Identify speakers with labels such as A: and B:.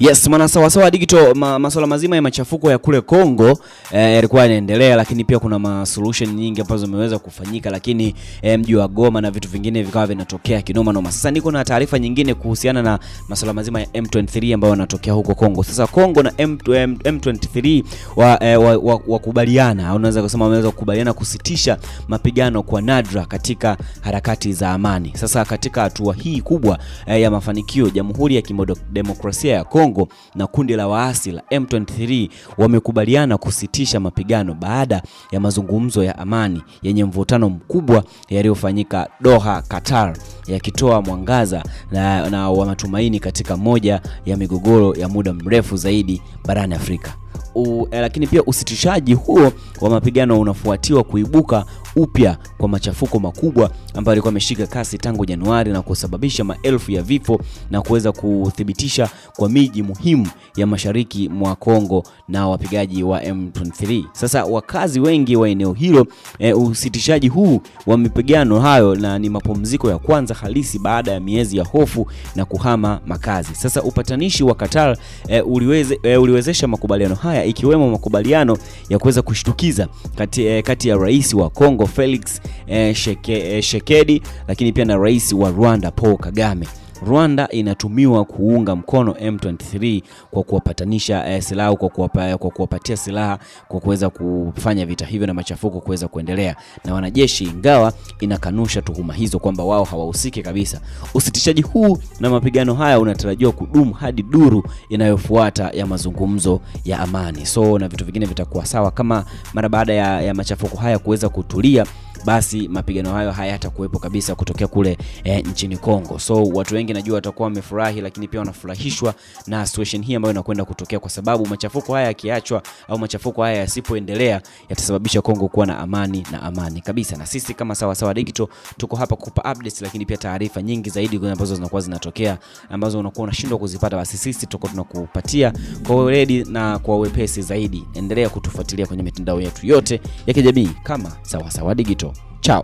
A: Yes, mwana sawa sawa digital ma, masuala mazima ya machafuko ya kule Kongo eh, yalikuwa yanaendelea, lakini pia kuna ma solution nyingi ambazo zimeweza kufanyika, lakini eh, mji wa Goma na vitu vingine vikawa vinatokea kinoma noma. Sasa niko na taarifa nyingine kuhusiana na masuala mazima ya M23 ambayo yanatokea huko Kongo. Sasa Kongo na M2, M23 m wa, eh, wa, wa, wa unaweza kusema wameweza kukubaliana kusitisha mapigano kwa nadra katika harakati za amani. Sasa katika hatua hii kubwa eh, ya mafanikio Jamhuri ya Kidemokrasia ya Kongo Kongo na kundi la waasi la M23 wamekubaliana kusitisha mapigano baada ya mazungumzo ya amani yenye mvutano mkubwa yaliyofanyika Doha, Qatar, yakitoa mwangaza na, na wa matumaini katika moja ya migogoro ya muda mrefu zaidi barani Afrika. U, eh, lakini pia usitishaji huo wa mapigano unafuatiwa kuibuka upya kwa machafuko makubwa ambayo alikuwa ameshika kasi tangu Januari na kusababisha maelfu ya vifo na kuweza kuthibitisha kwa miji muhimu ya mashariki mwa Kongo na wapigaji wa M23. Sasa wakazi wengi wa eneo hilo e, usitishaji huu wa mapigano hayo na ni mapumziko ya kwanza halisi baada ya miezi ya hofu na kuhama makazi. Sasa upatanishi wa Qatar e, uliweze, e, uliwezesha makubaliano haya ikiwemo makubaliano ya kuweza kushtukiza kati, e, kati ya rais wa Kongo Felix eh, Sheke, eh, Shekedi, lakini pia na rais wa Rwanda Paul Kagame. Rwanda inatumiwa kuunga mkono M23 kwa kuwapatanisha eh, silaha kwa, kuwapa, kwa kuwapatia silaha kwa kuweza kufanya vita hivyo na machafuko kuweza kuendelea, na wanajeshi ingawa inakanusha tuhuma hizo kwamba wao hawahusiki kabisa. Usitishaji huu na mapigano haya unatarajiwa kudumu hadi duru inayofuata ya mazungumzo ya amani. So na vitu vingine vitakuwa sawa kama mara baada ya, ya machafuko haya kuweza kutulia basi mapigano hayo hayatakuwepo kabisa kutokea kule e, nchini Kongo. So watu wengi najua watakuwa wamefurahi, lakini pia wanafurahishwa na situation hii ambayo inakwenda kutokea, kwa sababu machafuko haya yakiachwa au machafuko haya yasipoendelea yatasababisha Kongo kuwa na amani na amani kabisa. Na sisi kama Sawa Sawa Digital tuko hapa kukupa updates, lakini pia taarifa nyingi zaidi ambazo zinakuwa zinatokea ambazo unakuwa unashindwa kuzipata, basi sisi tuko tunakupatia kwa weledi na kwa wepesi zaidi. Endelea kutufuatilia kwenye mitandao yetu yote ya kijamii kama Sawa Sawa Digital. Tchau.